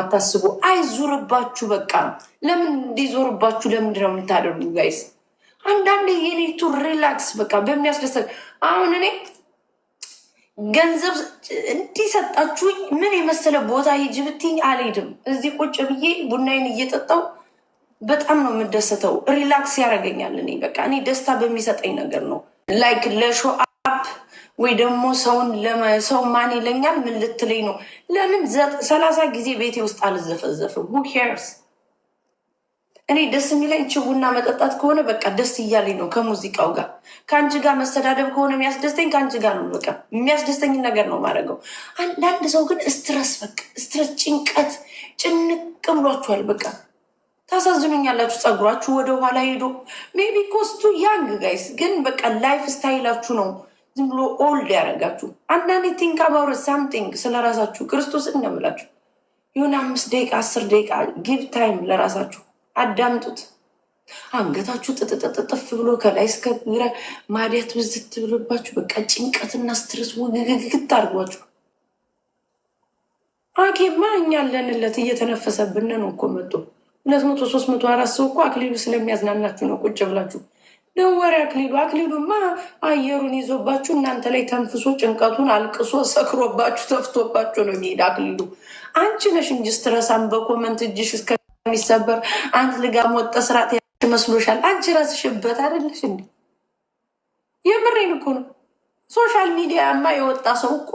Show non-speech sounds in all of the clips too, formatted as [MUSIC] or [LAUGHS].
አታስቡ፣ አይዙርባችሁ። በቃ ለምን እንዲዞርባችሁ ለምንድን ነው የምታደርጉ ጋይስ? አንዳንድ የኔቱ ሪላክስ በቃ በሚያስደስት አሁን እኔ ገንዘብ እንዲሰጣችሁኝ ምን የመሰለ ቦታ ሂጂ ብትይኝ አልሄድም። እዚህ ቁጭ ብዬ ቡናዬን እየጠጣው በጣም ነው የምደሰተው። ሪላክስ ያደርገኛል። እኔ በቃ እኔ ደስታ በሚሰጠኝ ነገር ነው ላይክ ለሾ ወይ ደግሞ ሰውን ሰው ማን ይለኛል ምን ልትለኝ ነው? ለምን ሰላሳ ጊዜ ቤቴ ውስጥ አልዘፈዘፍም? ሁ ኬርስ እኔ ደስ የሚለኝ ችቡና መጠጣት ከሆነ በቃ ደስ እያለኝ ነው ከሙዚቃው ጋር። ከአንቺ ጋር መሰዳደብ ከሆነ የሚያስደስተኝ ከአንቺ ጋር ነው። በቃ የሚያስደስተኝ ነገር ነው ማድረገው። አንዳንድ ሰው ግን ስትረስ በቃ ስትረስ፣ ጭንቀት፣ ጭንቅ ብሏችኋል በቃ ታሳዝኑኛላችሁ። ፀጉራችሁ ወደኋላ ሄዶ ሜቢ ኮስቱ ያንግ ጋይስ ግን በቃ ላይፍ ስታይላችሁ ነው ዝም ብሎ ኦልድ ያደረጋችሁ አንዳንዴ ቲንክ ሳምቲንግ ስለ ራሳችሁ ክርስቶስ እንደምላችሁ የሆነ አምስት ደቂቃ አስር ደቂቃ ጊቭ ታይም ለራሳችሁ አዳምጡት። አንገታችሁ ጥጥጥጥጥፍ ብሎ ከላይ እስከ ግራ ማዲያት ብዝት ብሎባችሁ በቃ ጭንቀትና ስትረስ ውግግግት አድርጓችሁ አኬማ እኛ አለንለት እየተነፈሰብን ነው እኮ መጡ ሁለት መቶ ሶስት መቶ አራት ሰው እኮ አክሊሉ ስለሚያዝናናችሁ ነው ቁጭ ብላችሁ ደወሬ አክሊሉ አክሊሉማ አየሩን ይዞባችሁ እናንተ ላይ ተንፍሶ ጭንቀቱን አልቅሶ ሰክሮባችሁ ተፍቶባችሁ ነው የሚሄድ። አክሊሉ አንቺ ነሽ እንጂ ስትረሳም በኮመንት እጅሽ እስከሚሰበር ልጋ ሞጠ ወጠ ስርዓት መስሎሻል። አንቺ ራስሽበት አደለሽ እንዲ የምሬን እኮ ነው። ሶሻል ሚዲያማ የወጣ ሰው እኮ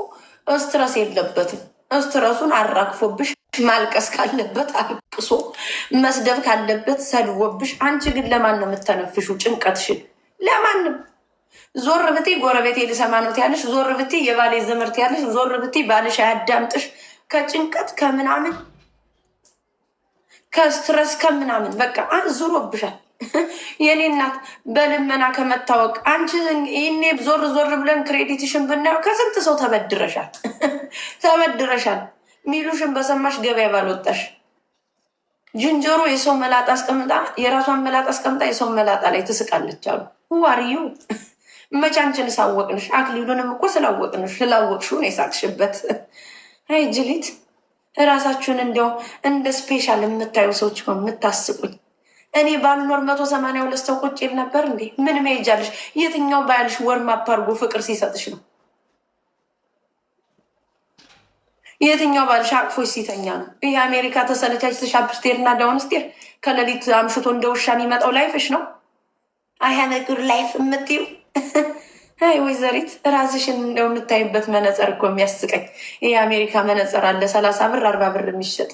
ስትረስ የለበትም። ስትረሱን አራግፎብሽ ማልቀስ ካለበት አልቅሶ መስደብ ካለበት ሰድቦብሽ፣ አንቺ ግን ለማን ነው የምተነፍሹ? ጭንቀትሽን ለማንም ዞር ብቲ ጎረቤቴ ልሰማ ነው ትያለሽ፣ ዞር ብቲ የባሌ ዘመርት ያለሽ። ዞር ብቲ ባልሽ አያዳምጥሽ። ከጭንቀት ከምናምን ከስትረስ ከምናምን በቃ ዙሮብሻል። የኔ እናት በልመና ከመታወቅ አንቺ ይኔ ዞር ዞር ብለን ክሬዲትሽን ብናየው ከስንት ሰው ተበድረሻል ተበድረሻል። ሚሉሽን በሰማሽ ገበያ ባልወጣሽ። ጅንጀሮ የሰው መላጣ አስቀምጣ የራሷን መላጣ አስቀምጣ የሰው መላጣ ላይ ትስቃለች አሉ። ዋርዩ መቻንችን ሳወቅንሽ? አክሊሉንም እኮ ስላወቅንሽ ስላወቅሽው ነው የሳቅሽበት። አይ ጅሊት፣ እራሳችሁን እንዲያው እንደ ስፔሻል የምታዩ ሰዎች ሆ የምታስቁኝ። እኔ ባልኖር መቶ ሰማንያ ሁለት ሰው ቁጭ ነበር እንዴ? ምን መሄጃለሽ? የትኛው ባያልሽ ወርም አፓርጎ ፍቅር ሲሰጥሽ ነው የትኛው ባልሽ አቅፎ ሲተኛ ነው? ይህ አሜሪካ ተሰለቻች ተሻፕስቴር እና ዳውንስቴር ከሌሊት አምሽቶ እንደ ውሻ የሚመጣው ላይፍሽ ነው። አያነ ጉድ ላይፍ የምትይው [LAUGHS] አይ ወይዘሪት ራስሽን እንደው የምታይበት መነፀር እኮ የሚያስቀኝ ይህ አሜሪካ መነፀር አለ ሰላሳ ብር አርባ ብር የሚሸጥ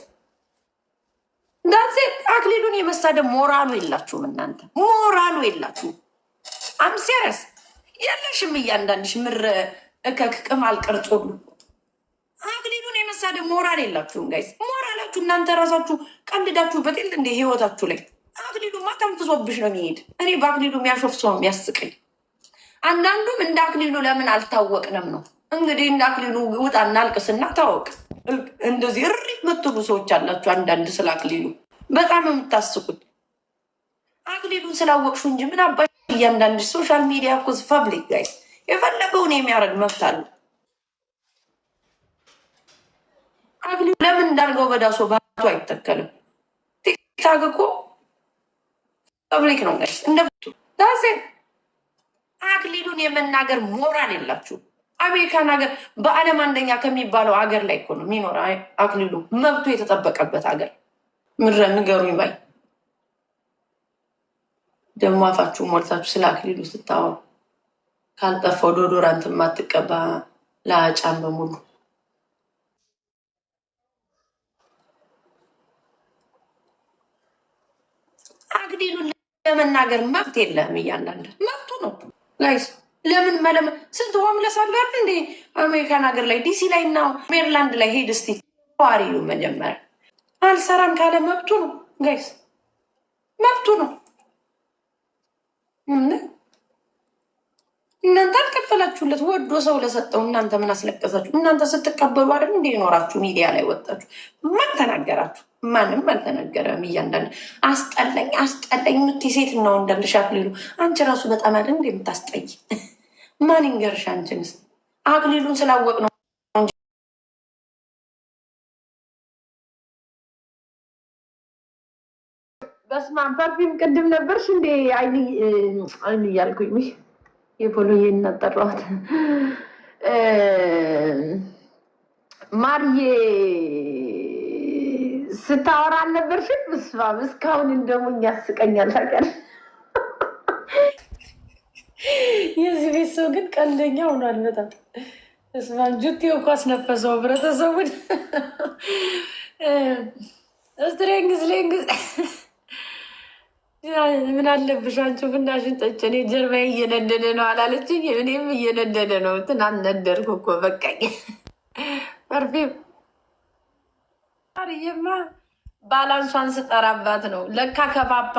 እንዳዜ አክሊሉን የመሳደ ሞራሉ የላችሁም እናንተ ሞራሉ የላችሁም። አምሴረስ የለሽም እያንዳንድሽ ምር እከክ ቅማል ቅርጽ ሁሉ ደግሞ ሞራል የላችሁም ጋይስ። ሞራላችሁ እናንተ ራሳችሁ ቀልዳችሁበት የለ እንደ ህይወታችሁ ላይ አክሊሉማ ተንፍሶብሽ ነው የሚሄድ። እኔ በአክሊሉ የሚያሾፍ ሰው የሚያስቀኝ አንዳንዱም እንደ አክሊሉ ለምን አልታወቅንም ነው እንግዲህ። እንደ አክሊሉ ውጣ እናልቅስና ታወቅ። እንደዚህ እሪ የምትሉ ሰዎች አላችሁ አንዳንድ ስለ አክሊሉ በጣም የምታስቁት አክሊሉን ስላወቅሹ እንጂ ምን አባሽ። እያንዳንድ ሶሻል ሚዲያ ኮዝ ፐብሊክ ጋይስ የፈለገውን የሚያደርግ መብት አለው። ለምን እንዳልገው በዳሶ ባህቱ አይተከልም? ቲክታክ እኮ ፐብሊክ ነው ጋሽ እንደፍቱ ዳሴ አክሊሉን የመናገር ሞራል የላችሁ። አሜሪካን ሀገር በዓለም አንደኛ ከሚባለው ሀገር ላይ እኮ ነው የሚኖረ አክሊሉ መብቱ የተጠበቀበት ሀገር ምረ ንገሩኝ ባይ ደግሞ አፋችሁ ሞልታችሁ ስለ አክሊሉ ስታወሩ ካልጠፋው ዶዶራንት የማትቀባ ለአጫን በሙሉ አክሊሉን ለመናገር መብት የለም። እያንዳንድ መብቱ ነው ጋይስ። ለምን መለመ ስንት ሆምለስ አለ እንዴ አሜሪካን ሀገር ላይ ዲሲ ላይ እና ሜሪላንድ ላይ ሄድ እስቲ ተዋሪዩ መጀመሪያ አልሰራም ካለ መብቱ ነው ጋይስ፣ መብቱ ነው። እናንተ አልከፈላችሁለት ወዶ ሰው ለሰጠው እናንተ ምን አስለቀሳችሁ? እናንተ ስትቀበሉ አይደል እንደ ኖራችሁ ሚዲያ ላይ ወጣችሁ ማን ተናገራችሁ? ማንም አልተነገረም። እያንዳንድ አስጠላኝ አስጠላኝ የምትይ ሴት እና ወንድ አለሽ አንቺ ራሱ በጣም አለ እንደ የምታስጠይ ማን ይንገርሽ? አንቺንስ አክሊሉን ስላወቅ ነው በስመ አብ። ፐርፊም ቅድም ነበርሽ እንዴ? አይ አይን እያልኩኝ የፖሎ እናጠሯት ማርዬ ስታወራ አልነበርሽም? ብስማ እስካሁን እንደሞ ያስቀኛል። ታውቂያለሽ፣ የዚህ ቤት ሰው ግን ቀልደኛ ሆኗል በጣም እስማ ጁቴው እኮ አስነፈሰው ህብረተሰቡን። ስትሬንግዝ ሌንግዝ ምን አለብሽ አንቺ ብናሽን ጠጪ። እኔ ጀርባዬ እየነደደ ነው አላለችኝ? እኔም እየነደደ ነው። ትናንት ነደርኩ እኮ በቃኝ። ፐርፌም አርዬማ ባላንሷን ስጠራባት ነው ለካ ከባፓ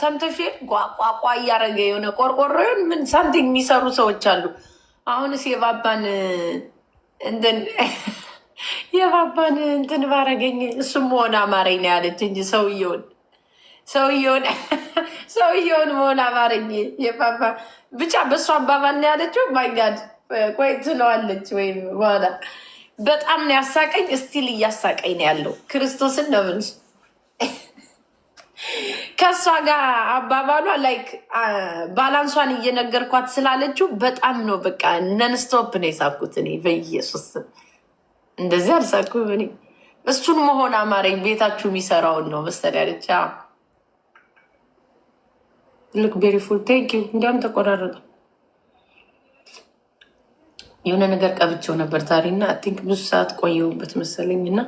ሰምተሽ ቋቋቋ እያደረገ የሆነ ቆርቆሮን ምን ሳምቲንግ የሚሰሩ ሰዎች አሉ። አሁንስ የባባን እንትን [LAUGHS] የባባን እንትን ባረገኝ እሱም መሆን አማረኝ ነው ያለች እንጂ ሰውየውን [LAUGHS] ሰውየውን [LAUGHS] ሰውየውን መሆን አማረኝ የባባ ብቻ በእሱ አባባል ነው ያለችው። ማይጋድ ቆይ ትለዋለች ወይም በኋላ በጣም ነው ያሳቀኝ። እስቲል እያሳቀኝ ነው ያለው። ክርስቶስን ነው የምልሽ። ከእሷ ጋር አባባሏ ላይክ ባላንሷን እየነገርኳት ስላለችው በጣም ነው በቃ ነንስቶፕ ነው የሳኩት እኔ በኢየሱስ እንደዚህ አልሳኩ። እኔ። እሱን መሆን አማረኝ። ቤታችሁ የሚሰራውን ነው መሰለኝ አለች። ልክ ቤሪፉል ቴንኪው። እንዲያውም ተቆራረጠ የሆነ ነገር ቀብቸው ነበር ታሪ እና ቲንክ ብዙ ሰዓት ቆየውበት መሰለኝ እና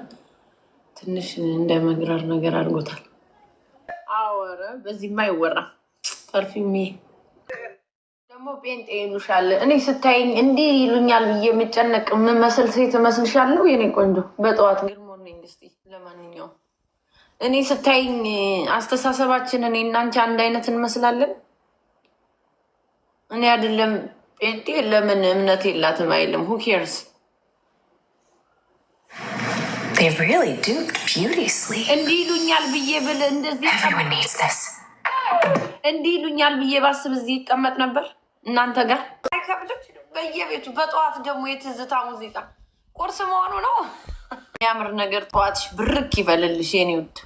ትንሽ እንደ መግራር ነገር አድርጎታል። አወረ በዚህማ አይወራም። ፐርፊውም ደግሞ ጴንጤ ይሉሻል። እኔ ስታይኝ እንዲህ ይሉኛል የምጨነቅ የምመስል ሴት እመስልሻለሁ የኔ ቆንጆ በጠዋት ግን ሞርኒንግ ስ ለማንኛውም እኔ ስታይኝ አስተሳሰባችን እኔ እናንቺ አንድ አይነት እንመስላለን። እኔ አይደለም ጴንጤ ለምን እምነት የላትም አይልም። ሁ ኬርስ እንዲህ ይሉኛል ብዬ ብል እንደዚህ እንዲህ ይሉኛል ብዬ ባስብ እዚህ ይቀመጥ ነበር እናንተ ጋር አይከብድም። በየቤቱ በጠዋት ደግሞ የትዝታ ሙዚቃ ቁርስ መሆኑ ነው። የሚያምር ነገር ጠዋትሽ ብርክ ይበልልሽ የኔ ውድ